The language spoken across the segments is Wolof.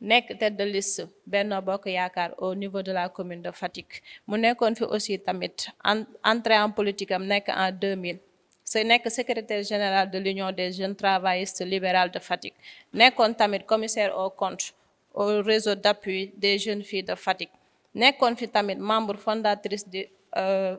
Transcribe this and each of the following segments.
nekk tête de liste Benno Bokk Yaakaar au niveau de la commune de Fatick mu nekkoon fi aussi tamit en entrée en politique am nekk en 2000 se nekk secretaire général de l'union des jeunes travaillistes libérales de Fatick nekkoon tamit commissaire au comptes au réseau d'appui des jeunes filles de Fatick nekkoon fi tamit membre fondatrice de euh,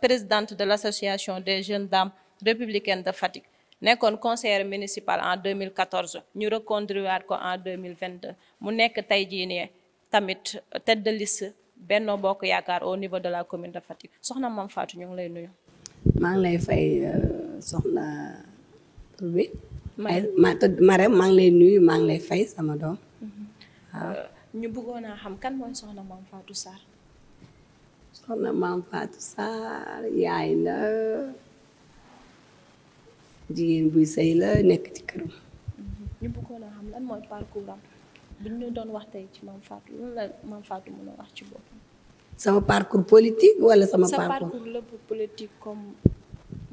présidente de l'association des jeunes dames républicaines de Fatick nekkoon conseiller municipal en mille 2014 ñu reconduiraat ko en 2022 mu nekk tey jii nii tamit tête de liste Benno Bokk Yaakaar au niveau de la commune de Fatick soxna Mame Fatou ñu ngi lay nuyu. maa ngi lay fay euh, soxna tur bi. ma maa ngi lay nuyu maa ngi lay fay sama doom. Mm-hmm. Euh, ñu bëggoon a xam kan soxna Mame Fatou Sarr. soxna Mame Fatou yaay la. jigéen buy sëy la nekk ci këram. Mhm. ñu bëggoon a xam lan mooy parcours am bu ñu doon wax tey ci Mame Fatou lan la Mame Fatou mën a wax ci boppam. sama parcours politique wala sama. parcours sa parcours lépp politique comme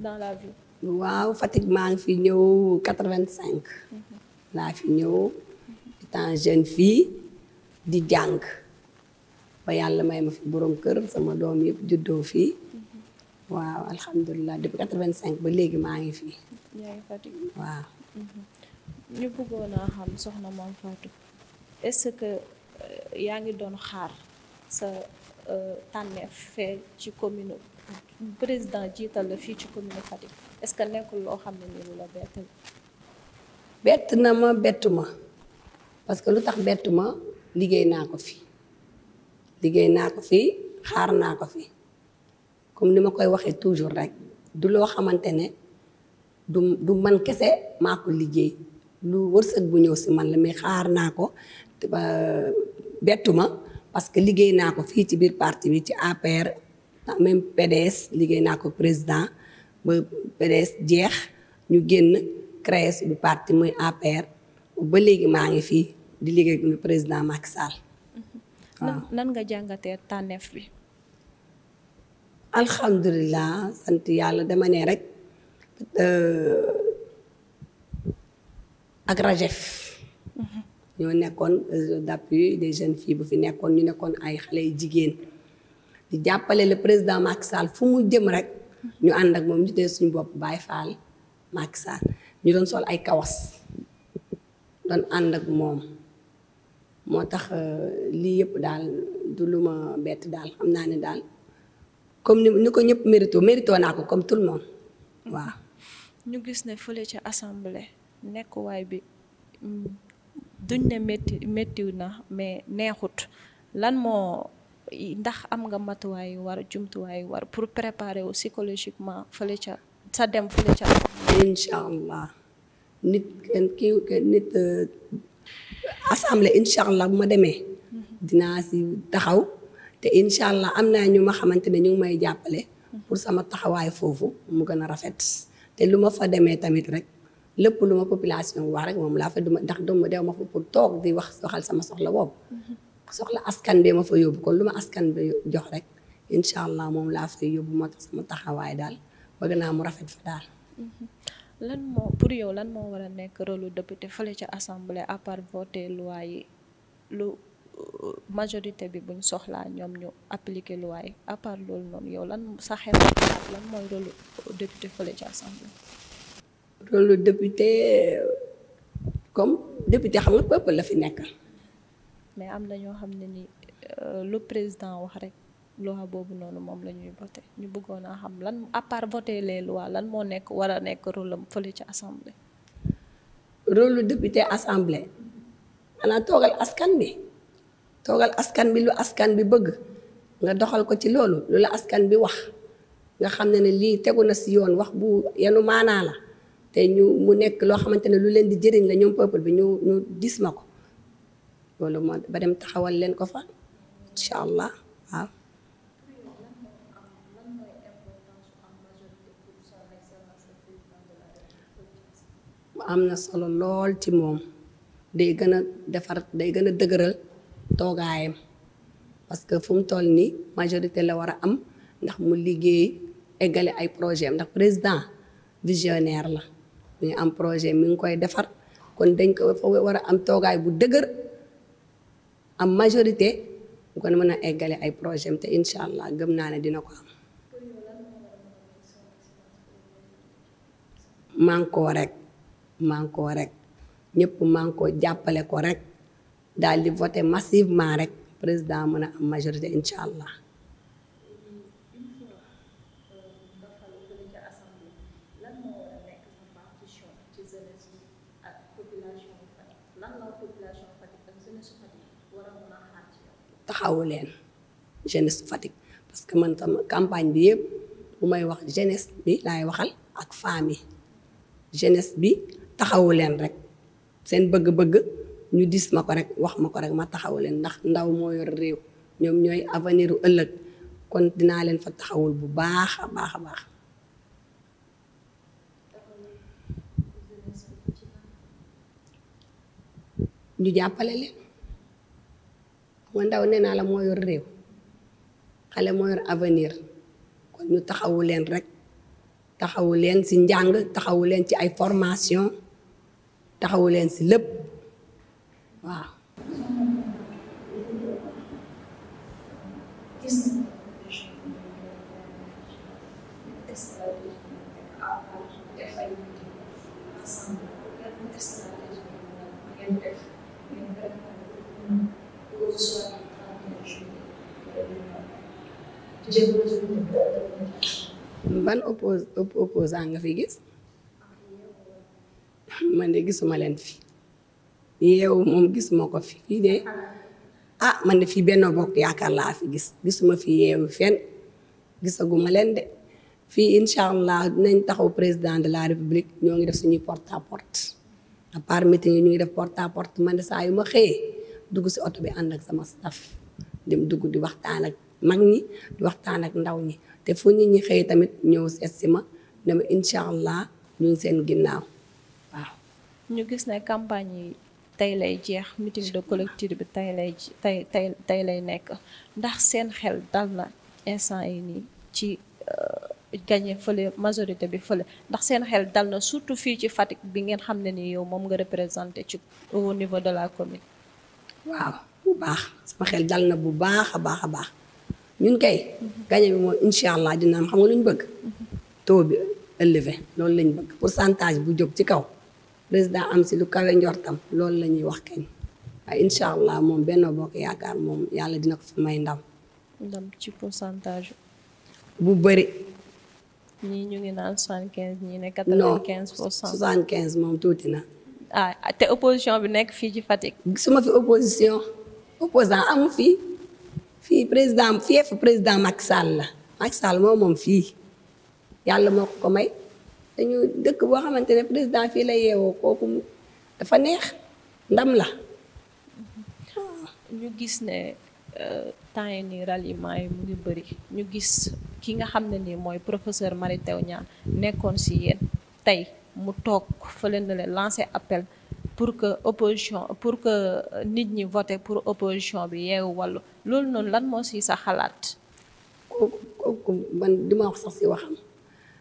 dans la vie. waaw Fatick maa ngi fi ñëw quatre vingt cinq. Mhm. laa fi ñëw étant jeune fii di jàng ba yàlla may ma fi borom kër sama doom yëpp juddoo fii mhm. waaw alhamdulilah depuis quatre vingt cinq ba léegi maa ngi fii Ndiaye Fatick. waaw. Mhm. ñu bëggoon a xam soxna moom Fatou est-ce que euh, yaa ngi doon xaar sa euh, tànneef fee ci commune président jiital la fii ci commune Fatick est-ce que nekkul loo xam ne nii la bett. bett na ma bett ma parce que lu tax bett ma liggéey naa ko fi liggéey naa ko fi xaar naa ko fi comme li ma koy waxee toujours rek du loo xamante ne. du du man kese maa ko liggéey lu wërsëg bu ñëw si man la mais xaar naa ko te ba bettu ma parce que liggéey naa ko fii ci biir parti bi ci APR ah, même PDS liggéey naa ko président ba PDS jeex ñu génn créé suñu parti muy APR ba léegi maa ngi fii di liggéey ak président Macky Sall. Mm-hmm. waaw nan nga jàngatee tànneef bi. alhamdulilah sant yàlla dama ne rek. Euh, ak RAGEF. Mm-hmm. ñoo nekkoon réseau d'appui des jeunes filles bu fi nekkoon ñu nekkoon ay xale yu jigéen di jàppale la président Macky Sall fu mu jëm rek ñu ànd ak moom ñu dee suñu bopp Baye Fall Macky ñu doon sol ay kawas doon ànd ak moom moo tax euh, lii yëpp daal du lu ma bett daal xam naa ne daal comme ni ko ñëpp mérito mérito naa ko comme tout le monde ñu gis ne fële ca assemblée nekkuwaay bi mm, duñ ne métti méttiw na mais neexut lan moo ndax am nga matuwaay yu war jumtuwaay yu war pour préparer wu psychologiquement fële ca sa dem fële ca. incha allah nit kenn kii nit euh, incha allah bu ma demee. Mhm. dinaa si taxaw te incha allah am naa ñu ma xamante ne ñu ngi may jàppale. Mhm. pour sama taxawaay foofu mu gën a rafet. te lu ma fa demee tamit rek lépp lu ma population wax rek moom laa fa duma ndax duma dew ma fa pour toog di wax waxal sama soxla boobu mm-hmm. soxla askan bi ma fa yóbbu kon lu ma askan bi jox rek incha allah moom laa fay yóbbu moo tax sama taxawaay daal bëgg naa mu rafet fa daal. Mm-hmm. lan moo pour yow lan moo war a nekk rôle député fële ca assemblée à part voter loi yi lu majorité bi buñ soxlaa ñoom ñu appliquer loi yi à part loolu noonu yow lan sa xel lan mooy rôle député fële ci assemblée. rôle député comme député xam nga peuple la fi nekk. mais am na ñoo xam ne ni euh, lu président wax rek loi boobu noonu moom la ñuy voté ñu bëggoon a xam lan à part voter les lan moo nekk war a nekk rôle am ci assemblée. rôle député askan bi. toogal askan bi lu askan bi bëgg nga doxal ko ci loolu lu la askan bi wax nga xam ne ne lii tegu na si yoon wax bu yenu maanaa la te ñu mu nekk loo xamante ne lu leen di jëriñ la ñoom peuple bi ñu ñu dis ma ko loolu moo ba dem taxawal leen ko fa incha allah waaw. am na solo lool ci moom day gën a defar day gën a dëgëral. toogaayam parce que fu mu toll nii majorité la war a am ndax mu liggéey eggale ay projet am ndax président visionnaire la mu am projet mi ngi koy defar kon dañ ko foo war a am toogaay bu dëgër am majorité bu ko mën a eggale ay projet am te incha allah gëm naa ne dina ko am mànkoo rek mànkoo rek ñëpp mànkoo jàppale ko rek daal di voté massivement rek président mën a am majorité incha allah. taxawu leen jeunesse Fatick parce que man tam campagne bi yëpp bu may wax jeunesse bi laay waxal ak fami jeunesse bi taxawu leen rek seen bëgg-bëgg. ñu dis ma ko rek wax ma ko rek ma taxaw leen ndax ndaw moo yor réew ñoom ñooy avenir u ëllëg kon dinaa leen fa taxawul bu baax a baax a baax ñu jàppale leen ma ndaw nee naa la moo yor réew xale moo avenir kon ñu taxawu leen rek taxawu leen si njàng taxawu leen ci ay formation taxawu leen si lépp waaw. ban oppos nga fi gis man de gisuma leen fi yeewu moom gis gisuma ko fi fii de ah man de fii Benno Bokk Yaakaar laa fi gis gisuma fi yeewu fen gisaguma leen de fii incha allah dinañ taxaw président de la république ñoo ngi def suñuy porte à porte yi ñu ngi def porte à porte man de saa yu ma xëyee dugg si oto bi ànd ak sama staff dugg di waxtaan ak mag ñi di waxtaan ak ndaw ñi te fu ñu ñi xëyee tamit ñëw seet si ma ne ma incha allah ñu seen ginnaaw waaw. ñu gis ne campagne yi tey lay jeex meeting de collectif bi tey lay tey tey tey lay nekk ndax seen xel dal na instant yi nii ci euh, gagné fële majorité bi fële ndax seen xel dal na surtout fii ci Fatick bi ngeen xam ne ni yow moom nga représenté ci au niveau de la commune. waaw baax sama xel dal na bu baax a baax a baax ñun kay. Mhm. gagné bi mooy incha allah dina am xam nga lu bëgg. Mhm. taux bi élevé loolu lañ bëgg pourcentage bu jóg ci kaw. président am si lu kawe njortam loolu la ñuy wax kenn a incha allah moom Benno Bokk Yaakaar moom yàlla dina ko fa may ndam. ndam ci pourcentage. bu bëri. ñii ñu ngi naan soixante quinze ñii ne quatre quinze pour cent. non moom tuuti na. ah te opposition bi nekk fii ci su ma fi opposition. opposant am fii. fii président fief président Macky Sall la Macky moom moom fii yàlla moo ko ko may. dañu dëkk boo xamante ne président fii la yeewoo kooku dafa neex ndam la. ñu gis ne euh, temps yi nii ralliement yi mu ngi bëri ñu gis ki nga xam ne nii mooy professeur Mary Teuw nekkoon si yéen tey mu toog fële na leen lancer appel pour que opposition pour que nit ñi voté pour opposition bi yeewu wàllu loolu noonu lan moo si sa xalaat. kooku kooku man duma wax sax si waxam.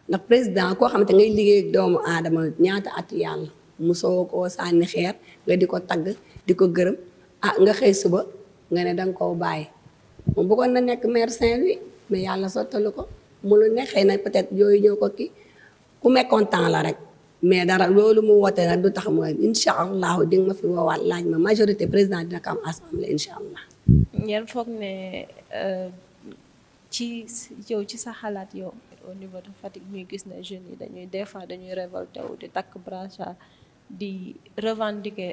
ndax président koo xamante ngay liggéey doomu aadama ñaata at yàlla mu musoo koo sànni xeer nga di ko tagg di ko gërëm ah nga xëy suba nga ne danga koo bàyyi moom bëggoon na nekk maire Saint-Louis mais yàlla sottalu ko mu lu ne xëy na peut-être yooyu ñëw ko kii ku mécontent la rek mais dara loolu mu woote nag du tax mooy incha allahu di nga ma fi woowaat laaj ma majorité président dina ko am assemblée incha allah. ngeen foog ne euh, ci yow ci sa xalaat yoo au niveau de Fatick ñuy gis na jeunes yi dañuy des fois dañuy révolté wu di takk brassard di revendiquer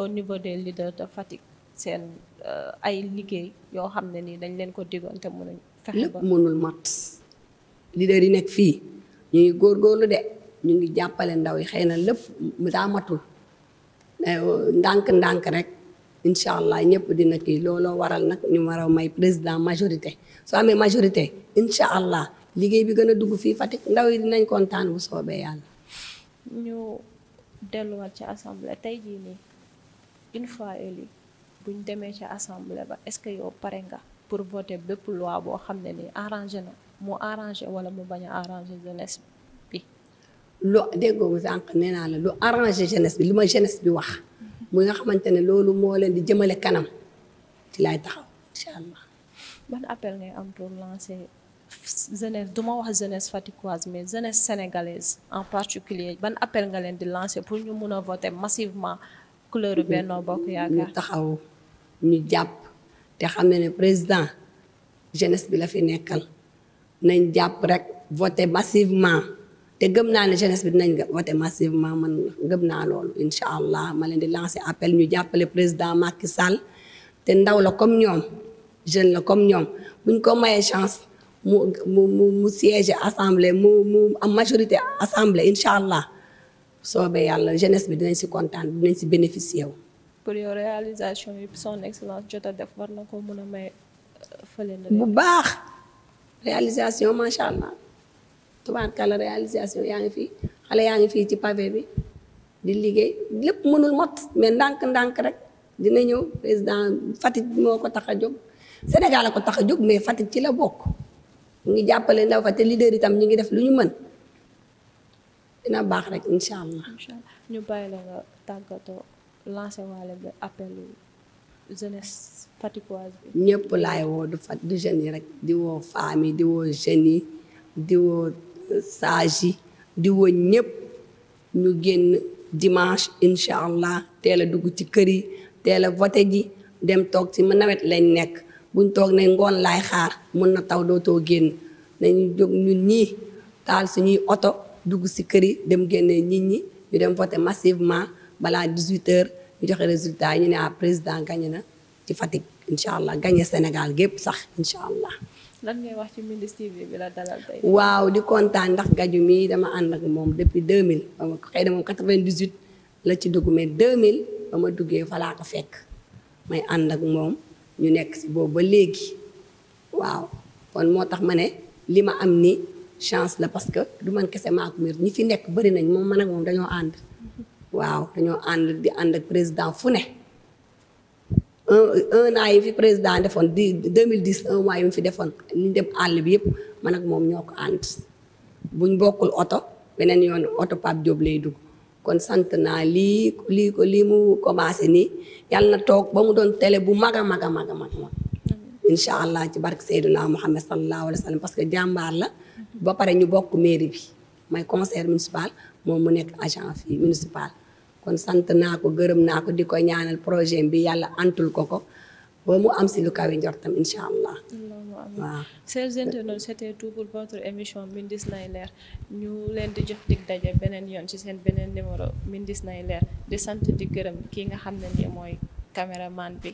au niveau des leaders de Fatick seen euh, ay liggéey yoo xam ne nii dañ leen ko digoon te mënuñ fexe ba mënul mat leaders yi nekk fii ñu ngi góorgóorlu de ñu ngi jàppale ndaw yi xëy na lépp daa matul euh, ndànk ndànk rek incha allah ñëpp dina kii looloo waral nag ñu war a may président majorité soo amee majorité incha allah liggéey bi gën a dugg fii Fatick ndaw yi nañ kontaan bu soobee yàlla. ñu delluwaat ci assemblée tey jii nii une fois élu buñ demee ci assemblée ba est-ce que yow pare nga pour voter bépp loi boo xam ne nii arrangé na mu arrangé wala mu bañ a arrangé jeunesse bi. lu déggoo mu sànq nee naa la lu arrangé jeunesse bi lu ma jeunesse bi wax. muy nga xamante ne loolu moo leen di jëmale kanam ci lay taxaw incha allah. ban appel ngay am pour lancer. jeunesse du ma wax jeunesse faticoise mais jeunesse sénégalaise en particulier ban appel nga leen di lancer pour ñu mun a voter massivement couleur Benno Bokk Yaakaar ñu taxaw ñu jàpp te xam ne ne président jeunesse bi la fi nekkal nañ jàpp rek voter massivement te gëm naa ne jeunesse bi nañ dinañ voter massivement man gëm naa loolu incha allah ma leen di lancé appel ñu jàppale président Macky Sall te ndaw la comme ñoom jeune la comme ñoom buñ ko mayee chance mu mu mu mu siège assemblée mu mu am majorité assemblée incha allah soobee yàlla jeunesse bi dinañ si kontaan dinañ si bénéficier wu. pour yow réalisation yi son excellence jot a def war na ko mën a may euh, fële bu baax réalisation macha allah tubaarkàlla réalisation yaa ngi fi xale yaa ngi fii ci pavé bi di liggéey lépp mënul mot mais ndànk-ndànk rek dina ñëw président fatit moo ko tax a jóg Sénégal a ko tax a jóg mais Fatick ci la bokk. ñu ngi jàppale ndaw fa te leader itam ñu ngi def lu ñu mën dina baax rek incha allah. ñu bàyyi la nga tàggatoo lancer waale ba appel jeunesse faticoise bi. ñëpp laay woo du fat du jeunes yi rek di woo femmes yi di woo jeunes yi di woo sages yi di woo ñëpp ñu génn dimanche incha allah teel a dugg ci kër yi teel a voté ji dem toog ci nawet lañ nekk. buñ toog ne ngoon laay xaar mën na taw dootoo génn nañu jóg ñun ñii taal suñuy oto dugg si kër yi dem génnee nit ñi ñu dem voté massivement balaa 18 ñu joxe résultat ñu ne ah président gagné na ci Fatick incha allah gagné Sénégal gépp sax incha allah. lan ngay wax ci Mindiss TV bi waaw di kontaan ndax gaju mii dama ànd ak moom depuis 2000 xëy na moom 98 la ci dugg mais 2000 ba ma duggee fa ko fekk may ànd ak moom. ñu nekk si boobu ba léegi waaw kon moo tax ma ne li ma am ni chance la parce que du man kese maa ko miir ñi fi nekk bari nañ moom man ak moom dañoo ànd waaw dañoo ànd di ànd ak président fu ne un an yi fi président defoon di mille un mois yi mu fi defoon ñu dem àll bi yëpp man ak moom ñoo ko ànd buñ bokkul oto beneen yoon oto Pape joob lay dugg kon sant naa lii lii ko lii mu commencé nii yàlla na toog ba mu doon télé bu mag a mag a mag a mag incha allah ci barke Seydina Muhammad sallallahu alayhi wa sallam parce que jàmbaar la ba pare ñu bokk mairie bi may conseil municipal moom mu nekk agent fii municipal kon sant naa ko gërëm naa ko di ko ñaanal projet bi yàlla antul ko ko ba mu am si lu kawe njortam incha allah. waaw chers internautes c'était tout pour votre émission Mindis nay leer ñu leen di jox dig daje beneen yoon ci seen beneen numéro Mindis nay leer di sant di gërëm kii nga xam ne nii mooy caméraman bi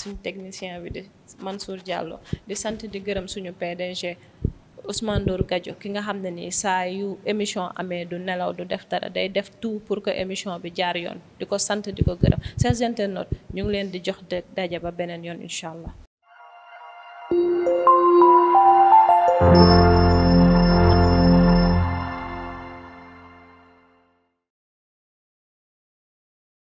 suñ technicien bi di man Mansour Diallo di sant di gërëm suñu PDG. Ousmane Ndour Gadio ki nga xam ne ni saa émission amee du nelaw du def dara day def tout pour que émission bi jaar yoon di ko sant di ko gërëm chers internautes ñu ngi leen di jox dëkk daje ba beneen yoon incha allah.